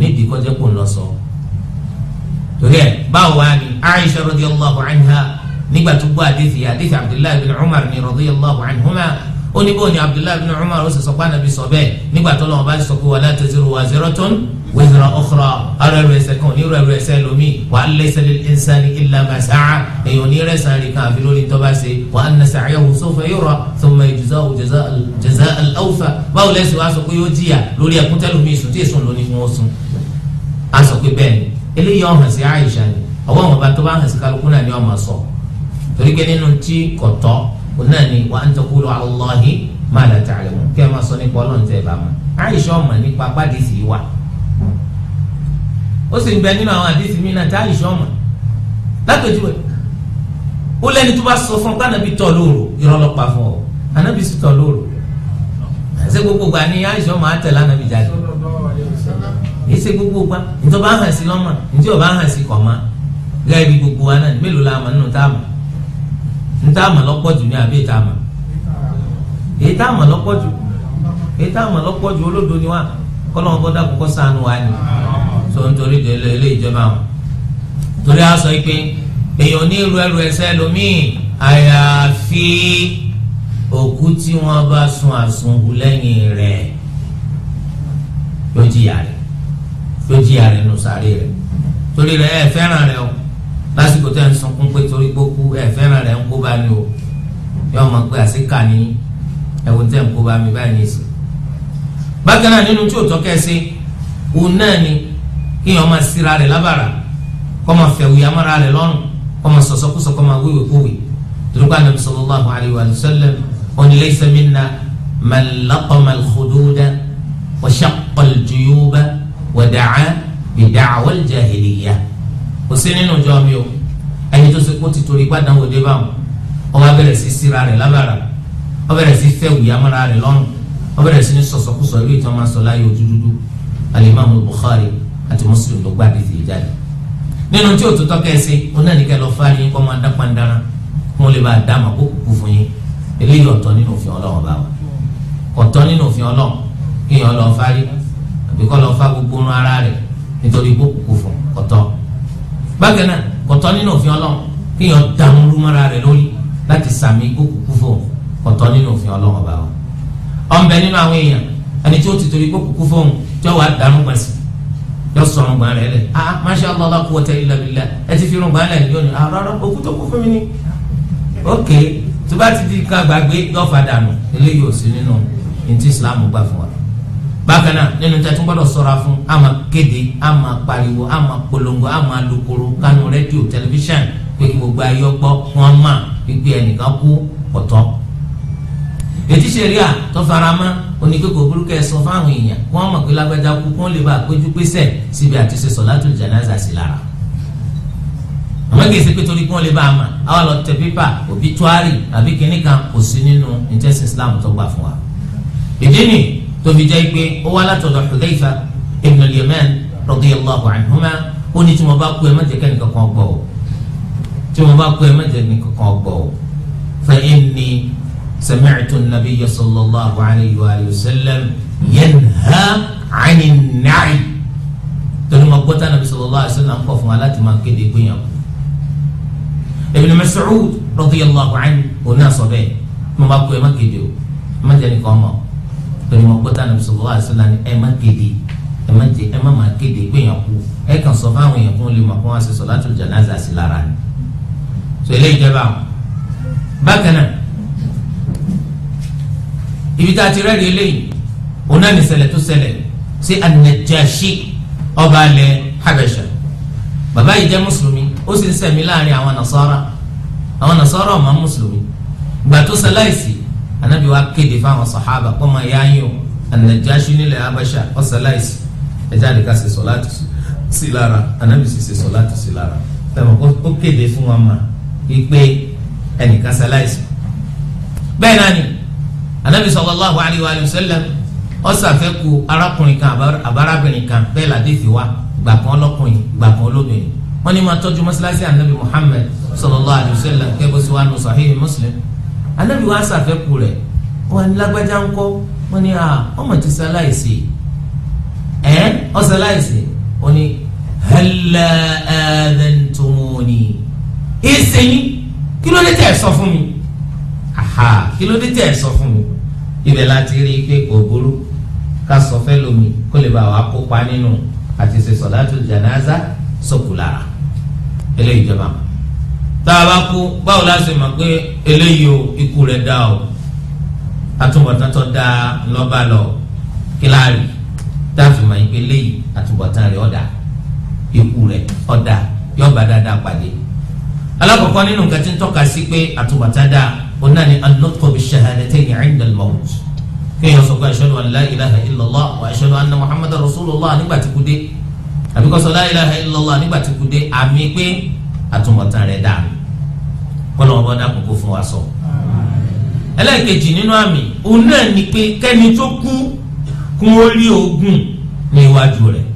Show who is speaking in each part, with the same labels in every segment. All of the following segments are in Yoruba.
Speaker 1: nídìí kọjá kó ń lọ sọ. torí ẹ báwo wá ni Aisha radiyallahu anha nígbà tó gbọ́ àdéhìí àdéhìí Abdullahi bin Umar ni radiyallahu anhuma ó ní bó ni abdullahi bin umar ó sì sọ pé anabi sọ bẹ́ẹ̀ nígbà tó lọ́wọ́ bá sọ pé wala taziru waziratun wizra ukhra ara ẹrù ẹ̀ṣẹ̀ kan onírú ẹrù ẹ̀ṣẹ̀ lomi wa laysa lil insani illa ma sa'a èèyàn onírú ẹ̀ṣẹ̀ rẹ̀ kan àfi lórí tó bá ṣe wa anna sa'yahu sawfa yura thumma yujzahu jazaa al-awfa báwo lẹ́sìn wá sọ pé yóò jìyà lórí ẹ̀kúntẹ́ lomi sùn tí èso lónìí fún wọn sùn. sọ pé bẹ́ẹ̀ ni eléyìí ọ̀hún sí Aisha ni ọwọ́ àwọn ọba tó bá hàn sí kálukú náà ni ọmọ sọ torí pé nínú tí kò kò náà wa an taqulu ala Allahi ma sọ nípa ọlọ́run tẹ́ ẹ bá ọmọ nípa pàdésì wa ó sì ń bẹ nínú àwọn àdésì mi náà tí Aisha ọmọ ẹ ó tó bá sọ fún lóru fún ọ anabi sì tọ̀ lóru gbogbo gbà ni Aisha ọmọ àtẹ̀lé anabi jáde yìí gbogbo gbà ntọ́ bá hàn sí lọ́mọ gbogbo wa náà mélòó la mọ̀ nínú níta àmọ̀ lọ́pọ̀ jù ní àbí ìta àmọ̀ èyí tá àmọ̀ lọ́pọ̀ jù èyí tá àmọ̀ lọ́pọ̀ jù olódo ni wá kọ́lọ́mọ bọ́ dàkú kọ́ sànù wá ni tó ń torí délé ilé ìjọba wọn. torí a sọ pé èèyàn ní irú ẹrù ẹsẹ lómìn àyàfi òkú tí wọ́n bá sun àsunkù lẹ́yìn rẹ̀ yóò jìyà rẹ̀ yóò jìyà rẹ̀ nù sàárè rẹ̀ torí rẹ̀ ẹ fẹ́ràn rẹ̀ o lásìkò tẹ́ ń sunkún pé torí gbókú ẹ fẹ́ràn rẹ̀ ń kó bá mi o yọ mọ̀ pé àṣekà ni ẹ̀wọ̀n tẹ́ ń kó bá mi báyìí ní ìsìn. bákan náà nínú tí òótọ́ kẹ́sí òun náà ni kéèyàn máa síra rẹ̀ lábàrà kó máa fẹ̀wù yamára rẹ̀ lọ́rùn kó máa sọ̀sọ́kúsọ kó máa wíwèé kówèé dùrúkọ Ànábì sallallahu alayhi wa sallam ó kò sí nínú ìjọ mi o ẹni tó ṣe kó ti torí gbàdán òde báwọn ọwọ́ abẹ́rẹ́ sí síra rẹ̀ lábàrà ọbẹ̀rẹ̀ sí fẹ́ wùyà mọ́ra rẹ̀ lọ́rùn ọbẹ̀rẹ̀ sí ní sọ̀sọ̀kúsọ ìlú ìtàn máa sọ láyé ojú alimami Bukhari àti Muslim ló gbà dídì ìjáde nínú tí òtútọ́ kẹ́sì onáníkẹ́ lọ fárí yín kọ́ máa dá pandara kó lè bá a dá màá kó kúkú fún yín eléyìí ọ̀tọ̀ nínú òfin Ọlọ́run bá wa ọ̀tọ̀ nínú òfin Ọlọ́run kéèyàn lọ fárí àbíkọ́ lọ fá gbogbo ara rẹ̀ nítorí kó kúkú bákan náà kọ̀tọ́ nínú òfin ọlọ́run kéèyàn dààmú rúmọ́ra rẹ̀ lórí láti sàmì kókùkù fún kọ̀tọ́ nínú òfin ọlọ́run ọba wa ọ̀nbẹ nínú àwọn èèyàn ẹni tí ó ti torí kókùkù fún tí ó wà dààmú gbàsì yọ sọ̀rọ̀ gbà rẹ̀ lẹ̀ ah masha allah la quwwata illa billah ẹ ti fi irun gbà lẹ̀ yóò ní ah rárá okú tó kú fún mi ni ok tó bá ti di kan gbàgbé yọ fà dànù eléyìí ò sí nínú ní ti islam gbà fún wa bákan náà nínú tí a tún gbọ́dọ̀ ṣọ́ra fún a máa kéde ama máa pariwo a máa polongo a máa lukuru kanu rédíò tẹlifíṣàn pé kí gbogbo ayé gbọ́ wọn mà gbígbé ẹnìkan kú ọ̀tọ̀ ètí sẹ́ríà tó farama oníkéko burúkú ẹ̀ sọ fáwọn èèyàn wọn mọ̀ pé lágbájá kú kó lè bá péjú pésẹ̀ síbi àti ṣe sọ̀látùl jánásà sí lára àmọ́ kìí ṣe pé torí kí wọ́n lè bá a mà àwọn lọ tẹ pépà òbí tuárì àbí kìnnìkan kò sí nínú ìjẹ́sìn Islam tó gbà fún wa ìdí nìyí tófi jẹ́ pé ó wá látọ̀dọ̀ Hudhayfa ibn al-Yaman radiyallahu anhuma ó ní tí mo bá kú ẹ má jẹ́ kẹ́nìkan kan gbọ́ o tí mo bá kú ẹ má jẹ́ kẹ́nìkan kan gbọ́ o fa inni sami'tu an-nabiyya sallallahu alayhi wa sallam yanha 'ani an-na'i torí mo gbọ́ta nàbí sallallahu alayhi wa sallam kọ̀ fún wa láti máa kéde gbìyànjú Ibn Mas'ud radiyallahu anhu òun náà sọ bẹ́ẹ̀ mo bá kú ẹ má kéde o má jẹ́ kẹ́nìkan mọ́ o pẹ̀lú ọgọ́ta ní bisimilá àṣìlá ni ẹ má kéde ẹ má jẹ ẹ má má kéde pé èèyàn kú ẹ kàn sọ fáwọn èèyàn kó lè mọ̀ kó wọn ṣe solatul janaza sí lára ni so eléyìí jẹ́ báwọn bákan náà ibi tá a ti rẹ́rìí eléyìí òun náà ní ṣẹlẹ̀ tó ṣẹlẹ̀ sí an ọba alẹ́ Habasha bàbá yìí jẹ́ mùsùlùmí ó sì ń ṣẹ̀mí láàrin àwọn nasara àwọn nasara ọ̀ma anabi wa kéde fáwọn sàhábà kọ́mọ ya yín o anajashi nílẹ̀ abasha ọ̀sálàìsì ẹja àdìka ṣe sọ̀láàtì sí lára anabi sì ṣe sọ̀láàtì sí lára tẹ̀wọ̀n ó kéde fún wa ma wípé ẹnìkan ṣaláìsì bẹ́ẹ̀ náà ni anabi sallallahu alayhi wa sallam ọ̀sàfẹ́kù arákùnrin kan àbárabìnrin kan bẹ́ẹ̀ ládé fi wá gbà kan lọ́kùnrin gbà kan lóbìnrin wọ́n ní ma tọ́jú mọ́sálásí anabi muhammed sallallahu alayhi wa sallam kẹ́bọ́sí wa nù sàhíhì muslim anabi wa sàfẹ́kù rẹ̀ wọn ni lágbájá ń kọ́ wọn ni à ọmọ ti sáláìsì ẹ ọ sáláìsì wọn ni halla adantumuni ìsẹ̀yìn kí ló dé fún mi aha kí ló dé tẹ̀ sọ fún mi ibẹ̀ láti rí i pé kò burú ká kó lè bá wa kópa nínú àti ṣe sọ̀látù janaza sọ̀kù lára eléyìí jọba mọ́ tá a bá kú báwo la ṣe mọ̀ pé eléyìí o ikú rẹ̀ dá o àtúbọ̀tán tó dá lọ́ba lọ kíláàrì tá a fi mọ̀ pé eléyìí àtúbọ̀tán rẹ̀ ọ̀dà ikú rẹ̀ ọ̀dà yọ̀ọ̀bà dáadáa pàdé alákọ̀ọ́kọ́ nínú nǹkan tí ń tọ́ka sí pé àtúbọ̀tán dáa òun náà ni anọ́tọ̀bi ṣahadẹ́tẹ́yìn ẹ̀ńdẹ̀l mọ́wùt kéèyàn sọ pé ashhadu an la ilaha illallah wa anna muhammadar rasulullah nígbà tí kú dé àbíkọ́sọ la ilaha nígbà tí kú dé àmì pé àtúbọ̀tán rẹ̀ dáa kọ́nà ọba dàpọ̀ kó fún wa sọ. ẹlẹ́ẹ̀kejì nínú àmì òun náà ni pé kẹ́ni tó kú kún ó rí ogún ní iwájú rẹ̀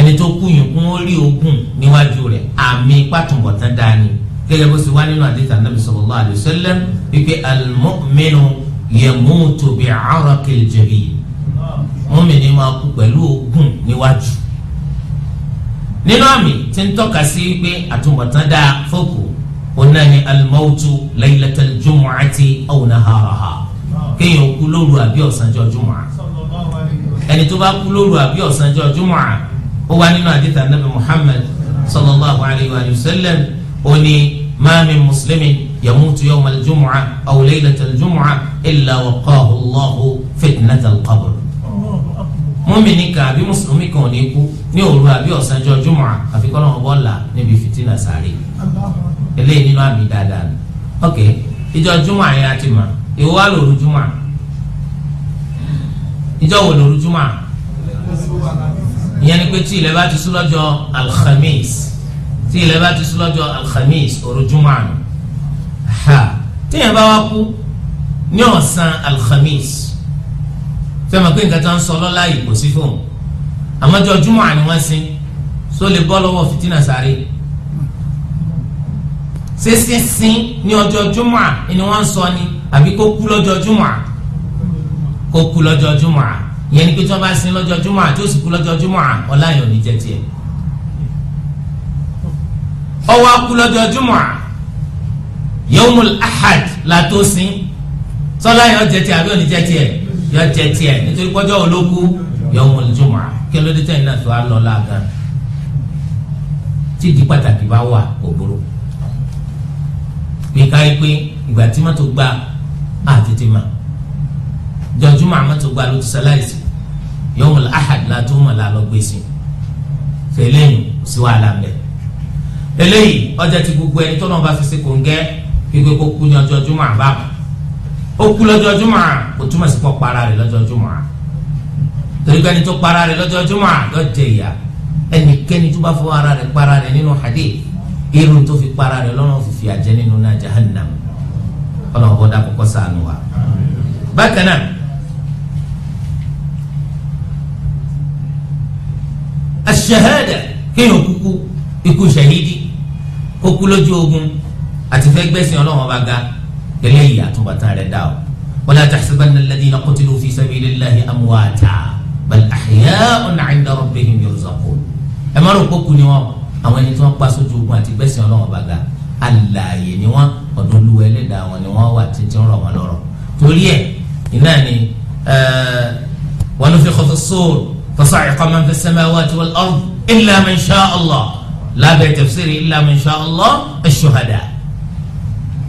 Speaker 1: ẹni tó kú yìí kún ó rí ogún níwájú rẹ̀ àmì pàtùbọ̀tán dání gẹ́gẹ́ bó ṣe wá nínú àdìsá nàbì sallallahu alaihi wasallam wípé al-mu'minu yamutu bi'araqil jabin mọ́mìnì máa kú pẹ̀lú ogún níwájú nínú àmì tí ń tọ́ka sí pé àtúbọ̀tán dáa fókù ọ̀nà ni alimọ́wútu laylatal jumu'ati aw naharaha kéèyàn kú lóru àbí ọ̀sánjọ́ jùmọ̀ ẹni tó bá kú lóru àbí ọ̀sánjọ́ jùmọ̀ ó wá nínú àdìtà nàbì Muhammad sallallahu alayhi wa sallam ó ní ma min yamutu yawmal jumu'a aw laylatal jumu'a illa waqahu Allahu fitnatal qabr mùmínì kan àbí mùsùlùmí kan ò ní kú ní òru àbí ọ̀sánjọ́ júmọ̀ àfi kọ́ lọ́wọ́ bọ́ọ̀là níbi fìtínà sáré eléyìí nínú àmì dáadáa ni ok ìjọ júmọ̀ yẹn a ti mọ̀ èwo wà lóru júmọ̀ ìjọ wo lóru júmọ̀ ìyẹn ni pé tí ilẹ̀ bá ti sún lọ́jọ́ alhamis tí ilẹ̀ bá ti sún lọ́jọ́ alhamis òru júmọ̀ ha tíyẹn bá wá kú ní ọ̀sán alhamis fẹ́mi pé nǹkan tó ń sọ lọ́la yìí kò sí fóun àmọ́jọ́ júmọ̀ àni wọ́n sin só lè bọ́ lọ́wọ́ fìtínà sáré sísìn sin ní ọjọ́ júmọ̀ ni wọ́n ń sọ ni àbí kó kú lọ́jọ́ júmọ̀ kó kú lọ́jọ́ júmọ̀ ìyẹn ni pé tí wọ́n bá sin lọ́jọ́ júmọ̀ tí ó sì kú lọ́jọ́ júmọ̀ ọ̀la yìí ò ní jẹ́ tiẹ̀ ọwọ́ kú lọ́jọ́ júmọ̀ yawmul ahad la tó sin sọ́lá yìí ó jẹ́ tiẹ̀ àbí ò ní jẹ́ tiẹ̀ yọ jẹ tiẹ̀ nítorí pọ́jọ́ olóku yọ wọn jùmọ̀ kí ló dé tẹ̀yìn náà tó á lọ láàgán tí ìdí pàtàkì bá wà òbúrò pé káyé pé ìgbà tí mọ́tò gbà á tètè mà jọjúmọ̀ àmọ́tò gbà ló ti sẹ́láìsì yọ wọn ahad látó wọn là lọ gbèsè fẹlẹ́yìn sí wàhálà mẹ́ eléyìí ọjà ti gbogbo ẹni tó bá fi ṣe kò ń gẹ́ pé kó kú ní ọjọ́ jùmọ̀ àbáwọ̀ ó kú lọ́jọ́ jùmọ̀ kò túmọ̀ sí kó para rẹ̀ lọ́jọ́ jùmọ̀ torí pé ẹni tó para rẹ̀ lọ́jọ́ jùmọ̀ yóò jẹ ìyà ẹnikẹ́ni tó bá fọwọ́ ara rẹ̀ para rẹ̀ nínú hadith irun tó fi para rẹ̀ lọ́nà fìfì àjẹ́ nínú náà jahannam ọlọ́run bọ́ dáa sànù wa. bákan náà aṣahada kéèyàn kúkú ikú ṣahidi ó kú ogun àti fẹ́ gbẹ̀sìn ga eléyìí àtúbọ̀tán rẹ̀ dá o wala tahsabanna alladhina qutilu fi sabilillahi amwata bal ahya'un 'inda rabbihim yurzaqun ẹ má rò kókù ni wọn àwọn ẹni tí wọn pa sójú ogun àti gbẹ̀sìn ọlọ́wọ́n bàgà alààyè ni wọn ọ̀dọ̀ olúwa ẹlẹ́dàá wọn ni wọn wà títí rọ̀ wọn lọ́rọ̀ torí ẹ̀ iná ni ونفخ الصور فصعق في السماوات والأرض إلا من شاء الله لا بتفسير إلا من شاء الله الشهداء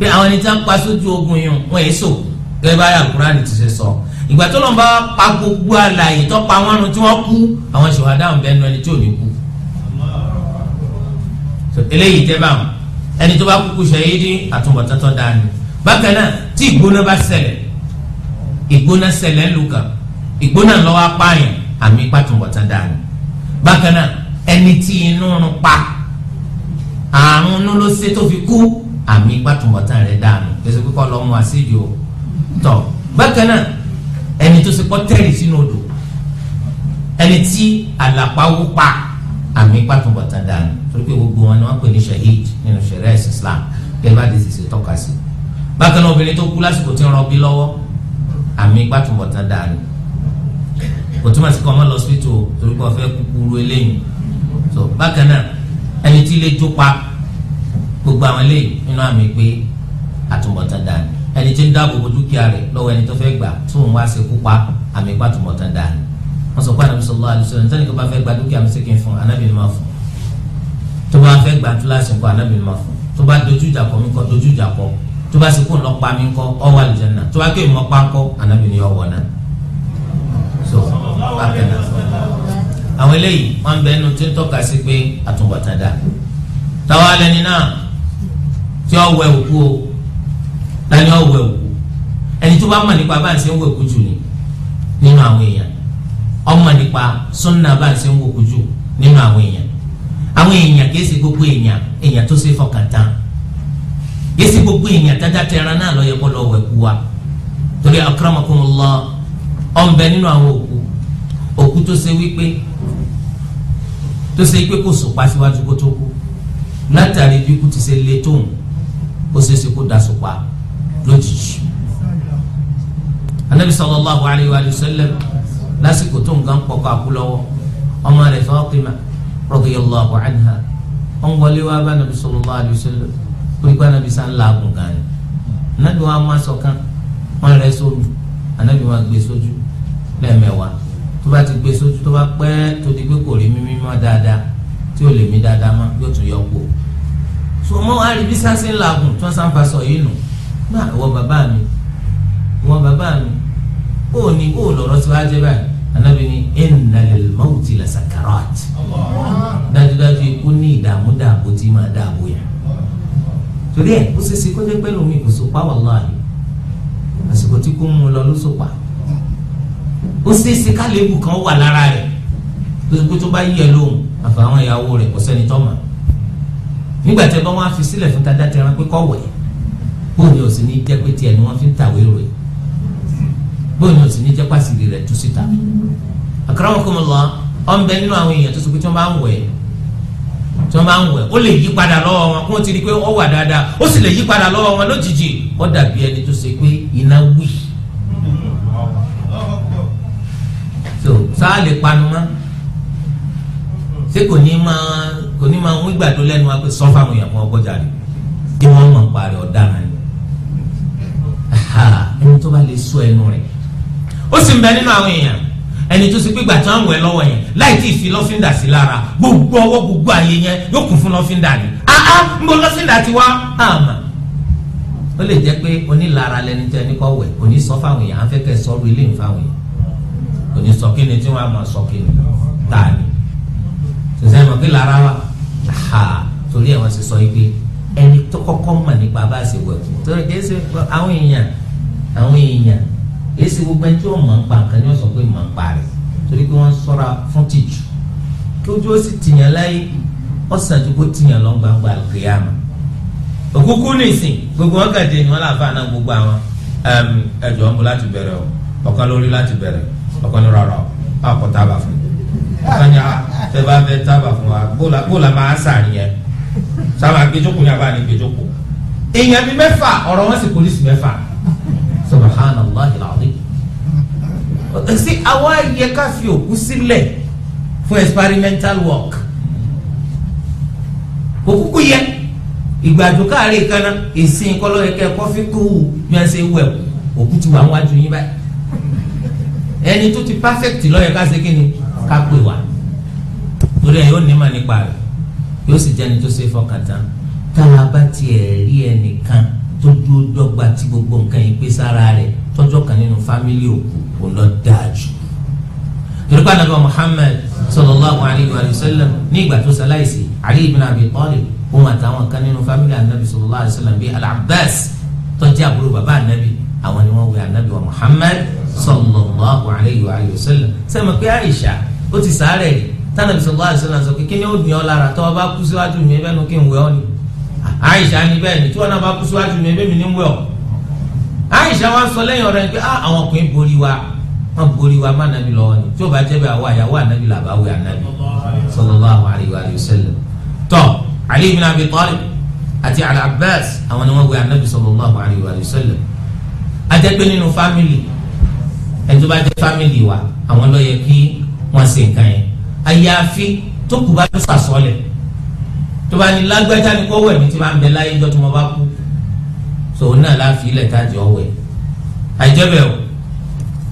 Speaker 1: pé àwọn ẹni tí wọ́n ń pa sójú ogun yìí wọ́n èso gẹ́gẹ́ bá yà kúránì ti ṣe sọ ìgbà tó lọ́n bá pa gbogbo àlàyé tó pa wọ́n nu tí wọ́n kú àwọn ṣèwádà ń bẹ́ẹ̀ nu ẹni tí ò ní kú eléyìí tẹ́ bá wọn ẹni tó bá kúkú ṣẹ̀yìn ní àtúbọ̀tátọ́ dání bákan náà tí ìgbóná bá ṣẹlẹ̀ ìgbóná ṣẹlẹ̀ lùkà ìgbóná lọ́wọ́ apáyàn àmì pàtúbọ̀tán dání bákan náà ẹni tí inú rún pa àrùn inú ló ṣe tó fi kú àmì gbàtúmọ̀tàn rẹ̀ dànù pèsè kíkọ́ lọ́mú àṣejù o tọ̀ bákan náà ẹni tó ṣe pọ́tẹ́rì sínú odò ẹni tí àlàpà wú pa àmì gbàtúmọ̀tàn dànù torí pé gbogbo wọn ni wọ́n pè ní shahid nínú sharia islam gẹ́gẹ́ bá ti ṣe tọ́ka sí bákan náà obìnrin tó kú lásìkò tí ń rọbí lọ́wọ́ àmì gbàtúmọ̀tàn dànù kò túmọ̀ sí kọ́ ọmọ lọ sí ètò torí pé ọ fẹ́ kúkúrú eléyìí so bákan náà ẹni tí ilé jó pa gbogbo àwọn eléyìí nínú àmì pé àtúbọ̀tán dànù ẹni tí ń dáàbò bo dúkìá rẹ̀ lọ́wọ́ ẹni tó fẹ́ gbà tó ń wá ṣekú pa àmì pé àtúbọ̀tán dànù wọ́n sọ pé àdàbí sọlá àdìsọ́lá nítorí tó bá fẹ́ gba dúkìá mi sí kí n fún anábì ni máa fún tó bá fẹ́ gba túláàsì kọ anábì ni máa fún tó bá dojú ìjà kọ mi kọ dojú ìjà kọ tó bá ṣekú lọ pa mi kọ ọ wà lùjẹ náà tó bá ké mọ pa kọ anábì ni ọwọ náà so bákan náà àwọn eléyìí wọn bẹ ẹnu tó ń tọ́ka náà tí ó wẹ òkú o lani ó wẹ òkú ẹni tó bá mọ̀ nípa bá ń ṣe ń wẹ òkú jù ni nínú àwọn èèyàn ọmọ nípa sunna bá ń ń wẹ òkú jù nínú àwọn èèyàn àwọn èèyàn kìí gbogbo èèyàn èèyàn tó ṣe fọkàn tán kìí ṣe gbogbo èèyàn dáadáa tẹran náà lọ yẹ kó lọ wẹ òkú wa torí ó ṣeé ṣe kó daṣọ pa lójijì anabi sallallahu alayhi wa sallam lásìkò tó nǹkan pọkọ àkúlọwọ ọmọ rẹ̀ Fatima radiyallahu anha wọn wọlé wá bá anabi sallallahu alayhi wa sallam oríkọ anabi sá ń laagun gan ni anabi wa máa sọ kan wọn rẹ sómi anabi wa gbé sójú lẹ́ẹ̀mẹ́wàá tó bá ti gbé sójú tó bá pẹ́ tó di pé kò rí mímí dáadáa tí ò lè mí dáadáa mọ́ yóò tún yọ kó o so wọn wá rí bí sásì ń làgùn tí wọn sá ń fa sọ yìí nù náà ìwọ bàbá mi ìwọ bàbá mi ó ní ó lọ̀rọ̀ tí wàá jẹ báyìí anabi ni ẹnìdàlẹ̀ mọ́wùtì la sakarat dájúdájú ikú ní ìdààmú dààbò tí máa dààbò yẹn torí ẹ ó ṣe ṣe kó jẹ pé lómi kò so pa wàláhì àsìkò tí kò mú lọ ló so pa ó ṣe é ṣe wà lára rẹ̀ pé tó bá yẹ lóhùn àfàwọn ìyàwó rẹ̀ kò sẹ́ni tó mọ̀ nígbà tí ọba wọn fi sílẹ̀ fún tata tẹran pé kọ́ wẹ̀ bóun ni ò sì ní jẹ́ pé tiẹ̀ ni wọ́n fi ń tàwé rò yìí bóun ni ò sì ní jẹ́ pàṣírí rẹ̀ tú síta. akramakumullah ọ̀nbẹ nínú àwọn èèyàn tó sọ pé tí wọ́n bá ń wẹ̀ tí wọ́n bá ń wẹ̀ ó lè yí padà lọ́wọ́ wọn kó ti di pé ó wà dáadáa ó sì lè yí padà lọ́wọ́ wọn lójijì ó dàbí ẹni tó ṣe pé iná wì. so sáà lè panu mọ́ ṣé kò ní máa kò ní máa ń wí gbàdó lẹ́nu wa pé sọ mu èèyàn fún ọgbọ́jà rẹ̀ bí wọ́n mọ̀ ń parí ọ̀daràn ni ẹni tó bá lè sọ ẹnu rẹ̀ ó sì ń bẹ nínú àwọn èèyàn ẹni tó sì pé gbà tí wọ́n ń wẹ̀ lọ́wọ́ yẹn láì tí ì fi lọ́fíńdà sí lára gbogbo ọwọ́ gbogbo àyè yẹn yóò kún fún lọ́fíńdà ni áá ń bọ lọ́fíńdà ti wá àmà ó lè jẹ́ pé onílara lẹni tẹ́ ní kọ́ wẹ̀ kò ní sọ fáwọn èèyàn afẹ́kẹ́ sọ́ọ́rù ilé ń fáwọn èèyàn kò ní sọ kí ni tí wọ́n á máa sọ kí ni tààní
Speaker 2: sọ̀sẹ́ mọ̀ kí lára wà
Speaker 1: ha torí ẹ̀ wọ́n ti sọ yìí pé ẹni tó kọ́kọ́ mọ̀ nípa bá a ṣe wẹ̀ kú torí kìí ṣe àwọn èèyàn àwọn èèyàn èyí ṣe gbogbo ẹni tí wọ́n mọ̀ ń pa nǹkan ni wọ́n sọ pé mọ̀ ń pa rẹ̀ torí pé wọ́n sọ́ra fún tìjú kí ojú ó sì tìyàn láyé ó sàn ju kó tìyàn lọ gbangba kìyàmù òkúkú nìsín gbogbo wọn kàdé ni wọn láǹfà náà gbogbo àwọn ẹjọ ń bọ láti bẹ̀rẹ̀ o ọ̀kan lórí láti bẹ̀rẹ̀ ọ̀kan lórí ọ̀rọ̀ àpótá bá fún mi sanya fẹ́ bá fẹ́ tábà fún wa bóla bóla máa sà nìyẹn sábà gbẹjọkọ yàrá ni gbẹjọkọ èèyàn bíi mẹ́fà ọ̀rọ̀ wọn sì polisi mẹ́fà subhanallah alazim sí àwa yẹ ká fi òkú sílẹ̀ fún experimental work òkúkú yẹ ìgbàdo káàárẹ̀ ìkànnà èsì ìkọlọ́ ẹ̀kẹ́ kọfí kúrú bí wọ́n ṣe wẹ̀ òkú ti wà wájú yín báyìí ẹni tó ti perfect lọ́yẹ̀ ká ṣe kí ni ká pè wá torí ẹ yóò nímọ̀ nípa rẹ̀ yóò sì jẹ́ni tó ṣe fọkàntán tá a bá tiẹ̀ rí ẹnìkan tó dúró dọ́gba tí gbogbo nǹkan yìí pé sára rẹ̀ tọ́jọ́ kan nínú fámílì òkú kò lọ dáa jù torí pé anabi Muhammad sallallahu alayhi wa sallam ní ìgbà tó ṣaláìsí Ali ibn Abi Talib òun àtàwọn kan nínú fámílì anabi sallallahu alayhi wa sallam bíi Al-Abbas tó àbúrò bàbá anabi àwọn ni wọ́n wẹ̀ anabi wa Muhammad sallallahu alayhi sallam sẹ́mi pé Aisha ó ti sàárẹ̀ rí tánà bí sọlá àṣẹ náà sọ pé kíni ó ní ọ lára tọ́ ọ bá kú síwájú mi ẹbẹ́ nu kí n wẹ̀ ọ́ ni àìsà ni bẹ́ẹ̀ ni tí wọn náà bá kú síwájú mi ẹbẹ́ mi ní wẹ̀ ọ́ àìsà wa sọ lẹ́yìn ọ̀rẹ́ pé ah, àwọn ọkùnrin borí wa wọn borí wa má nàbí lọ́wọ́ ni tí ó bá jẹ́ bẹ́ẹ̀ àwọ àyàwó ànábì làbáwé ànábì sallallahu alaihi wa sallam tọ́ Ali wọn ṣe nǹkan yẹn àyàfi tó kù bá fà sọ́lẹ̀ tó bá ní lágbájá ni kọ́wọ́ ẹ̀mí ti máa ń bẹ láyé jọ́ tí mo bá kú tòun náà láàfin ilẹ̀ tá a jọ wẹ̀ àìjẹ́bẹ̀ o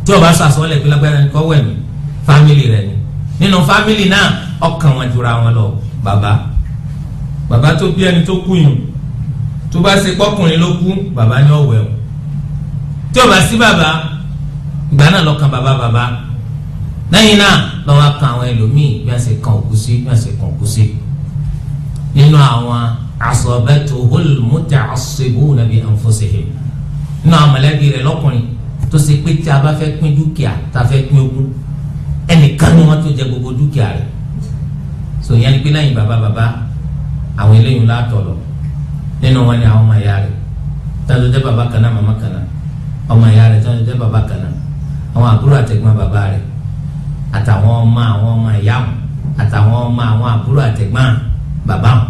Speaker 1: tí o bá sàsọ́lẹ̀ pé lágbára ni kọ́wẹ̀ mi fámìlì rẹ̀ ni nínú fámìlì náà ọkàn wọn jura wọn lọ bàbá bàbá tó bí ẹni tó kú yìí tó bá ṣe pọ́kùnrin ló kú bàbá ni ọ̀wẹ̀ o tí o bá sí bàbá ìgbà náà lọ́kàn bàbá bàbá lẹ́yìn náà lọ́wọ́ kan àwọn ẹlòmíì bí wọ́n ṣe kan òkú sí bí wọ́n ṣe kan òkú sí nínú àwọn asabatuhul muta'assibuna bi anfusihim nínú àwọn mọ̀lẹ́bí rẹ̀ lọ́kùnrin tó ṣe pé tí a bá fẹ́ pín dúkìá tá a fẹ́ pín ogún ẹnìkan ni wọ́n tó jẹ gbogbo dúkìá rẹ̀ so ìyẹn ni pé lẹ́yìn bàbá bàbá àwọn eléyìí látọ̀ lọ nínú wọn ni àwọn ọmọ ìyá rẹ̀ tọ́jú jẹ́ bàbá kan náà màmá ọmọ ìyá rẹ̀ tọ́jú jẹ́ bàbá kan àwọn àbúrò àtẹ̀gbọ́n bàbá rẹ̀ àtàwọn ọmọ àwọn ọmọ ìyá àtàwọn ọmọ àwọn àbúrò àtẹ̀gbọ́n bàbá wọn